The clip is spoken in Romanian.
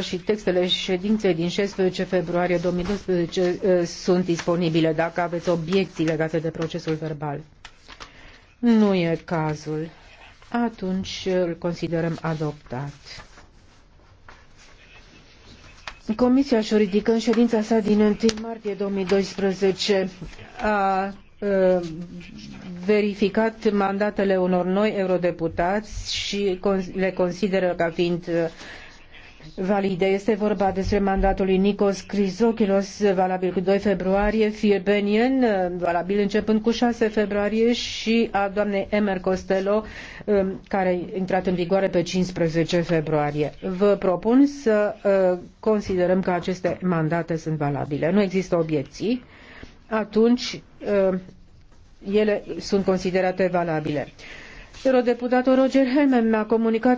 și textele ședinței din 16 februarie 2012 uh, sunt disponibile dacă aveți obiecții legate de procesul verbal. Nu e cazul. Atunci îl considerăm adoptat. Comisia juridică, ridică în ședința sa din 1 martie 2012 a uh, verificat mandatele unor noi eurodeputați și le consideră ca fiind uh, valide. Este vorba despre mandatul lui Nikos Crizochilos, valabil cu 2 februarie, Firbenien, valabil începând cu 6 februarie și a doamnei Emer Costello, um, care a intrat în vigoare pe 15 februarie. Vă propun să uh, considerăm că aceste mandate sunt valabile. Nu există obiecții. Atunci um, ele sunt considerate valabile. Eurodeputatul Roger Helmen mi-a comunicat